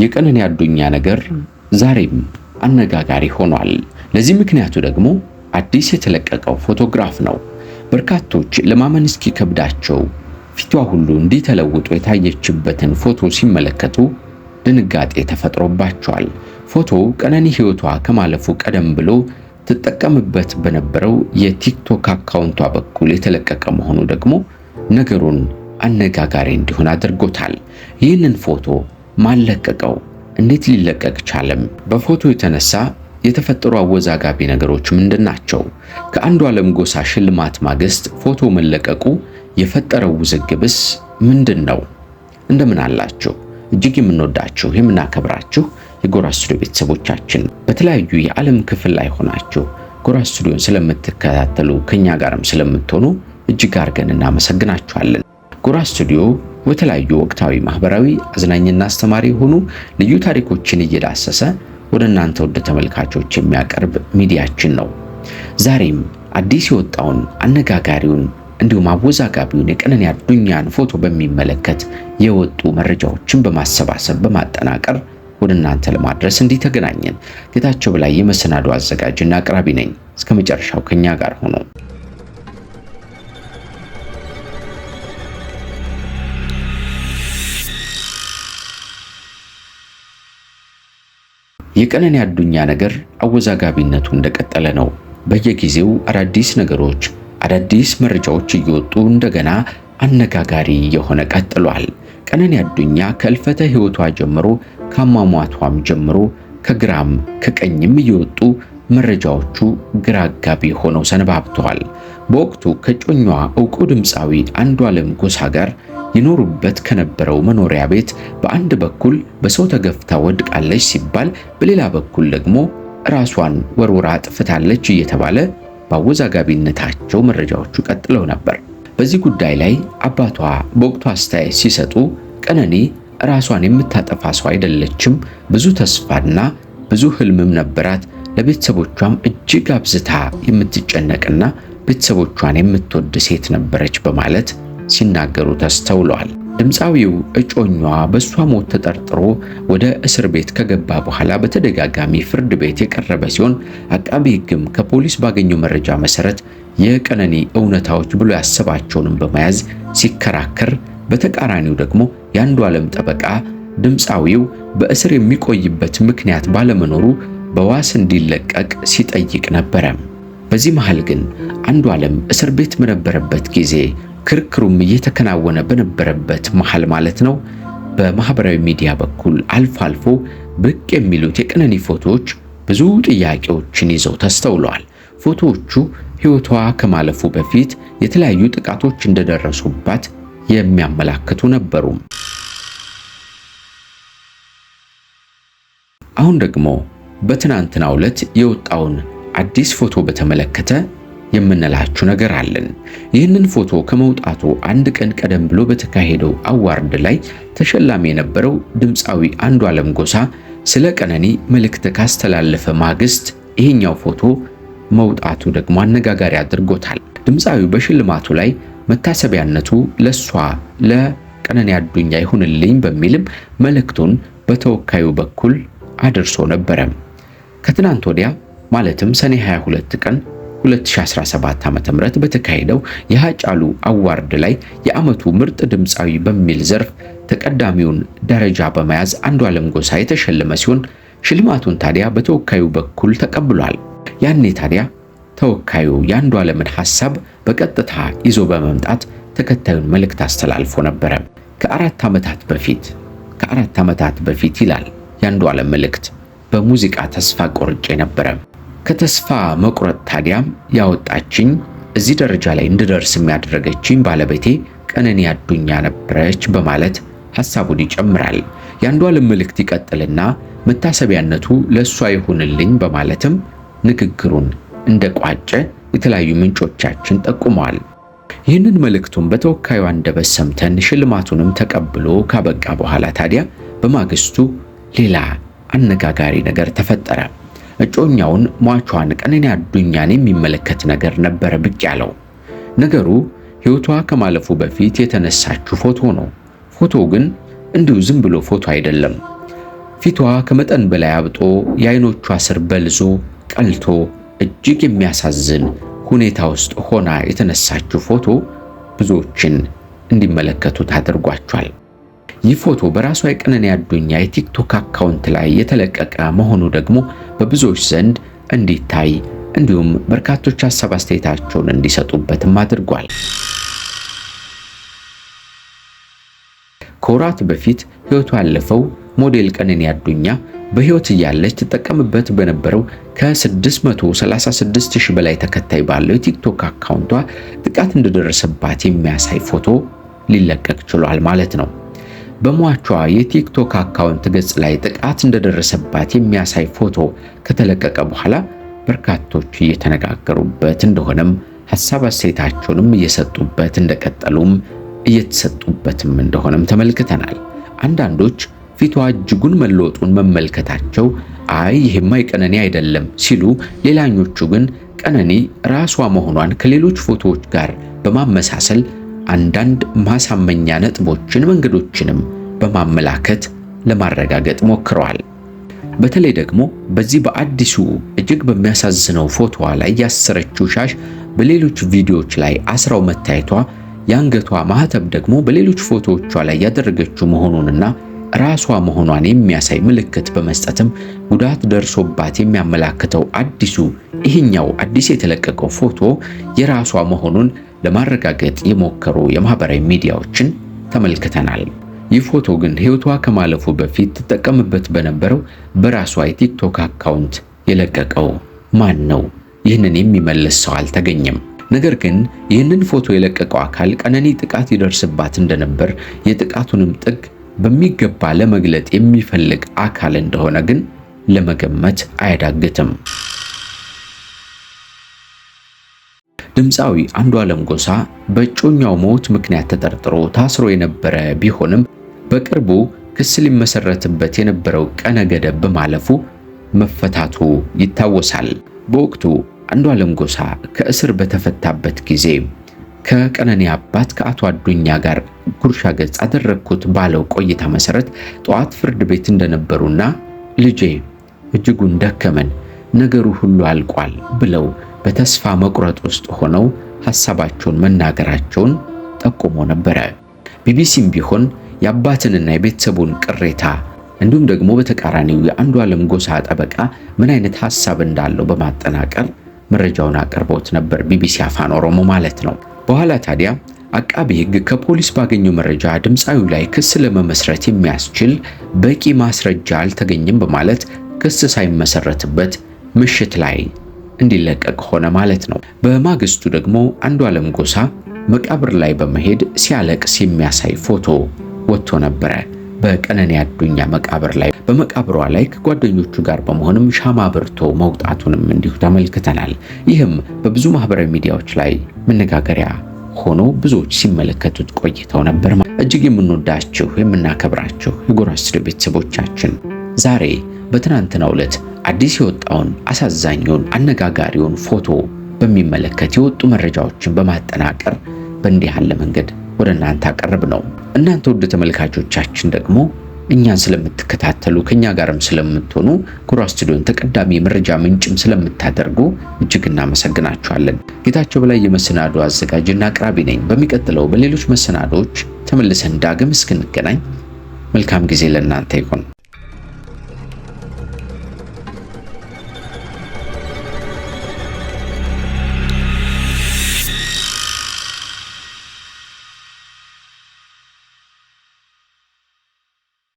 የቀነኒ አዱኛ ነገር ዛሬም አነጋጋሪ ሆኗል። ለዚህ ምክንያቱ ደግሞ አዲስ የተለቀቀው ፎቶግራፍ ነው። በርካቶች ለማመን እስኪከብዳቸው ፊቷ ሁሉ እንዲተለውጡ የታየችበትን ፎቶ ሲመለከቱ ድንጋጤ ተፈጥሮባቸዋል። ፎቶ ቀነኒ ሕይወቷ ከማለፉ ቀደም ብሎ ትጠቀምበት በነበረው የቲክቶክ አካውንቷ በኩል የተለቀቀ መሆኑ ደግሞ ነገሩን አነጋጋሪ እንዲሆን አድርጎታል። ይህንን ፎቶ ማለቀቀው እንዴት ሊለቀቅ ቻለም? በፎቶ የተነሳ የተፈጠሩ አወዛጋቢ ነገሮች ምንድን ናቸው? ከአንዱ ዓለም ጎሳ ሽልማት ማግስት ፎቶ መለቀቁ የፈጠረው ውዝግብስ ምንድን ነው? እንደምን አላችሁ? እጅግ የምንወዳችሁ የምናከብራችሁ የጎራ ስቱዲዮ ቤተሰቦቻችን በተለያዩ የዓለም ክፍል ላይ ሆናችሁ ጎራ ስቱዲዮን ስለምትከታተሉ ከኛ ጋርም ስለምትሆኑ እጅግ አድርገን እናመሰግናችኋለን። ጎራ ስቱዲዮ የተለያዩ ወቅታዊ፣ ማህበራዊ፣ አዝናኝና አስተማሪ የሆኑ ልዩ ታሪኮችን እየዳሰሰ ወደ እናንተ ወደ ተመልካቾች የሚያቀርብ ሚዲያችን ነው። ዛሬም አዲስ የወጣውን አነጋጋሪውን እንዲሁም አወዛጋቢውን የቀነኒ አዱኛን ፎቶ በሚመለከት የወጡ መረጃዎችን በማሰባሰብ በማጠናቀር ወደ እናንተ ለማድረስ እንዲህ ተገናኘን። ጌታቸው በላይ የመሰናዶ አዘጋጅና አቅራቢ ነኝ። እስከ መጨረሻው ከኛ ጋር ሆኖ የቀነኒ አዱኛ ነገር አወዛጋቢነቱ እንደቀጠለ ነው። በየጊዜው አዳዲስ ነገሮች፣ አዳዲስ መረጃዎች እየወጡ እንደገና አነጋጋሪ የሆነ ቀጥሏል። ቀነኒ አዱኛ ከእልፈተ ሕይወቷ ጀምሮ ከአሟሟቷም ጀምሮ ከግራም ከቀኝም እየወጡ መረጃዎቹ ግራ አጋቢ ሆነው ሰነባብተዋል። በወቅቱ ከጮኛዋ ዕውቁ ድምፃዊ አንዷለም ጎሳ ጋር ይኖሩበት ከነበረው መኖሪያ ቤት በአንድ በኩል በሰው ተገፍታ ወድቃለች ሲባል፣ በሌላ በኩል ደግሞ ራሷን ወርውራ አጥፍታለች እየተባለ በአወዛጋቢነታቸው መረጃዎቹ ቀጥለው ነበር። በዚህ ጉዳይ ላይ አባቷ በወቅቱ አስተያየት ሲሰጡ ቀነኒ ራሷን የምታጠፋ ሰው አይደለችም፣ ብዙ ተስፋና ብዙ ህልምም ነበራት። ለቤተሰቦቿም እጅግ አብዝታ የምትጨነቅና ቤተሰቦቿን የምትወድ ሴት ነበረች በማለት ሲናገሩ ተስተውለዋል። ድምፃዊው እጮኟ በእሷ ሞት ተጠርጥሮ ወደ እስር ቤት ከገባ በኋላ በተደጋጋሚ ፍርድ ቤት የቀረበ ሲሆን አቃቢ ሕግም ከፖሊስ ባገኘው መረጃ መሰረት የቀነኒ እውነታዎች ብሎ ያሰባቸውንም በመያዝ ሲከራከር፣ በተቃራኒው ደግሞ የአንዱ ዓለም ጠበቃ ድምፃዊው በእስር የሚቆይበት ምክንያት ባለመኖሩ በዋስ እንዲለቀቅ ሲጠይቅ ነበረ። በዚህ መሃል ግን አንዱ ዓለም እስር ቤት በነበረበት ጊዜ ክርክሩም እየተከናወነ በነበረበት መሃል ማለት ነው በማህበራዊ ሚዲያ በኩል አልፎ አልፎ ብቅ የሚሉት የቀነኒ ፎቶዎች ብዙ ጥያቄዎችን ይዘው ተስተውለዋል። ፎቶዎቹ ሕይወቷ ከማለፉ በፊት የተለያዩ ጥቃቶች እንደደረሱባት የሚያመላክቱ ነበሩ። አሁን ደግሞ በትናንትናው ዕለት የወጣውን አዲስ ፎቶ በተመለከተ የምንላችሁ ነገር አለን። ይህንን ፎቶ ከመውጣቱ አንድ ቀን ቀደም ብሎ በተካሄደው አዋርድ ላይ ተሸላሚ የነበረው ድምፃዊ አንዱዓለም ጎሳ ስለ ቀነኒ መልእክት ካስተላለፈ ማግስት ይሄኛው ፎቶ መውጣቱ ደግሞ አነጋጋሪ አድርጎታል። ድምፃዊው በሽልማቱ ላይ መታሰቢያነቱ ለሷ ለቀነኒ አዱኛ ይሁንልኝ በሚልም መልእክቱን በተወካዩ በኩል አድርሶ ነበረ። ከትናንት ወዲያ ማለትም ሰኔ 22 ቀን 2017 ዓ.ም ም በተካሄደው የሃጫሉ አዋርድ ላይ የዓመቱ ምርጥ ድምፃዊ በሚል ዘርፍ ተቀዳሚውን ደረጃ በመያዝ አንዷለም ጎሳ የተሸለመ ሲሆን ሽልማቱን ታዲያ በተወካዩ በኩል ተቀብሏል። ያኔ ታዲያ ተወካዩ የአንዷለምን ሐሳብ በቀጥታ ይዞ በመምጣት ተከታዩን መልእክት አስተላልፎ ነበረ። ከአራት ዓመታት በፊት ከአራት ዓመታት በፊት ይላል የአንዷለም መልእክት በሙዚቃ ተስፋ ቆርጬ ነበረ። ከተስፋ መቁረጥ ታዲያም ያወጣችኝ እዚህ ደረጃ ላይ እንድደርስ የሚያደረገችኝ ባለቤቴ ቀነኒ አዱኛ ነበረች በማለት ሐሳቡን ይጨምራል። የአንዷለም መልእክት ይቀጥልና መታሰቢያነቱ ለእሷ ይሁንልኝ በማለትም ንግግሩን እንደቋጨ የተለያዩ ምንጮቻችን ጠቁመዋል። ይህንን መልእክቱን በተወካዩ አንደበት ሰምተን ሽልማቱንም ተቀብሎ ካበቃ በኋላ ታዲያ በማግስቱ ሌላ አነጋጋሪ ነገር ተፈጠረ። እጮኛውን ሟቿን ቀነኒ አዱኛን የሚመለከት ነገር ነበረ ብቅ ያለው። ነገሩ ሕይወቷ ከማለፉ በፊት የተነሳችው ፎቶ ነው። ፎቶው ግን እንዲሁ ዝም ብሎ ፎቶ አይደለም። ፊቷ ከመጠን በላይ አብጦ የአይኖቿ ስር በልዞ ቀልቶ እጅግ የሚያሳዝን ሁኔታ ውስጥ ሆና የተነሳችው ፎቶ ብዙዎችን እንዲመለከቱት አድርጓቸዋል። ይህ ፎቶ በራሷ የቀነኒ አዱኛ የቲክቶክ አካውንት ላይ የተለቀቀ መሆኑ ደግሞ በብዙዎች ዘንድ እንዲታይ እንዲሁም በርካቶች ሀሳብ አስተያየታቸውን እንዲሰጡበትም አድርጓል። ከወራት በፊት ህይወቱ ያለፈው ሞዴል ቀነኒ አዱኛ በህይወት እያለች ትጠቀምበት በነበረው ከ 636000 በላይ ተከታይ ባለው የቲክቶክ አካውንቷ ጥቃት እንደደረሰባት የሚያሳይ ፎቶ ሊለቀቅ ችሏል ማለት ነው። በሟቿ የቲክቶክ አካውንት ገጽ ላይ ጥቃት እንደደረሰባት የሚያሳይ ፎቶ ከተለቀቀ በኋላ በርካቶች እየተነጋገሩበት እንደሆነም ሐሳብ አስተያየታቸውንም እየሰጡበት እንደቀጠሉም እየተሰጡበትም እንደሆነም ተመልክተናል። አንዳንዶች ፊቷ እጅጉን መለወጡን መመልከታቸው አይ ይሄማ ቀነኒ አይደለም ሲሉ፣ ሌላኞቹ ግን ቀነኒ ራሷ መሆኗን ከሌሎች ፎቶዎች ጋር በማመሳሰል አንዳንድ ማሳመኛ ነጥቦችን መንገዶችንም በማመላከት ለማረጋገጥ ሞክረዋል። በተለይ ደግሞ በዚህ በአዲሱ እጅግ በሚያሳዝነው ፎቶዋ ላይ ያሰረችው ሻሽ በሌሎች ቪዲዮዎች ላይ አስራው መታየቷ፣ የአንገቷ ማህተብ ደግሞ በሌሎች ፎቶዎቿ ላይ ያደረገችው መሆኑንና ራሷ መሆኗን የሚያሳይ ምልክት በመስጠትም ጉዳት ደርሶባት የሚያመላክተው አዲሱ ይህኛው አዲስ የተለቀቀው ፎቶ የራሷ መሆኑን ለማረጋገጥ የሞከሩ የማህበራዊ ሚዲያዎችን ተመልክተናል። ይህ ፎቶ ግን ህይወቷ ከማለፉ በፊት ትጠቀምበት በነበረው በራሷ የቲክቶክ አካውንት የለቀቀው ማን ነው? ይህንን የሚመልስ ሰው አልተገኘም። ነገር ግን ይህንን ፎቶ የለቀቀው አካል ቀነኒ ጥቃት ይደርስባት እንደነበር የጥቃቱንም ጥግ በሚገባ ለመግለጥ የሚፈልግ አካል እንደሆነ ግን ለመገመት አያዳግትም። ድምፃዊ አንዱዓለም ጎሳ በእጮኛው ሞት ምክንያት ተጠርጥሮ ታስሮ የነበረ ቢሆንም በቅርቡ ክስ ሊመሰረትበት የነበረው ቀነ ገደብ በማለፉ መፈታቱ ይታወሳል። በወቅቱ አንዱዓለም ጎሳ ከእስር በተፈታበት ጊዜ ከቀነኒ አባት ከአቶ አዱኛ ጋር ጉርሻ ገጽ አደረግኩት ባለው ቆይታ መሰረት ጠዋት ፍርድ ቤት እንደነበሩና ልጄ እጅጉን ደከመን፣ ነገሩ ሁሉ አልቋል ብለው በተስፋ መቁረጥ ውስጥ ሆነው ሐሳባቸውን መናገራቸውን ጠቁሞ ነበረ። ቢቢሲም ቢሆን የአባትንና የቤተሰቡን ቅሬታ እንዲሁም ደግሞ በተቃራኒው የአንዱ ዓለም ጎሳ ጠበቃ ምን አይነት ሐሳብ እንዳለው በማጠናቀር መረጃውን አቅርቦት ነበር። ቢቢሲ አፋን ኦሮሞ ማለት ነው። በኋላ ታዲያ አቃቢ ሕግ ከፖሊስ ባገኘው መረጃ ድምፃዊው ላይ ክስ ለመመስረት የሚያስችል በቂ ማስረጃ አልተገኘም በማለት ክስ ሳይመሰረትበት ምሽት ላይ እንዲለቀቅ ሆነ ማለት ነው። በማግስቱ ደግሞ አንዱ ዓለም ጎሳ መቃብር ላይ በመሄድ ሲያለቅስ የሚያሳይ ፎቶ ወጥቶ ነበረ። በቀነኒ አዱኛ መቃብር ላይ በመቃብሯ ላይ ከጓደኞቹ ጋር በመሆንም ሻማ ብርቶ መውጣቱንም እንዲሁ ተመልክተናል። ይህም በብዙ ማህበራዊ ሚዲያዎች ላይ መነጋገሪያ ሆኖ ብዙዎች ሲመለከቱት ቆይተው ነበር። እጅግ የምንወዳችሁ የምናከብራችሁ የጎራ ስቱዲዮ ቤተሰቦቻችን ዛሬ በትናንትናው ዕለት አዲስ የወጣውን አሳዛኙን አነጋጋሪውን ፎቶ በሚመለከት የወጡ መረጃዎችን በማጠናቀር በእንዲህ ያለ መንገድ ወደ እናንተ አቀርብ ነው። እናንተ ውድ ተመልካቾቻችን ደግሞ እኛን ስለምትከታተሉ ከኛ ጋርም ስለምትሆኑ ጎራ ስቱዲዮን ተቀዳሚ መረጃ ምንጭም ስለምታደርጉ እጅግ እናመሰግናችኋለን። ጌታቸው በላይ የመሰናዶ አዘጋጅና አቅራቢ ነኝ። በሚቀጥለው በሌሎች መሰናዶዎች ተመልሰን ዳግም እስክንገናኝ መልካም ጊዜ ለእናንተ ይሁን።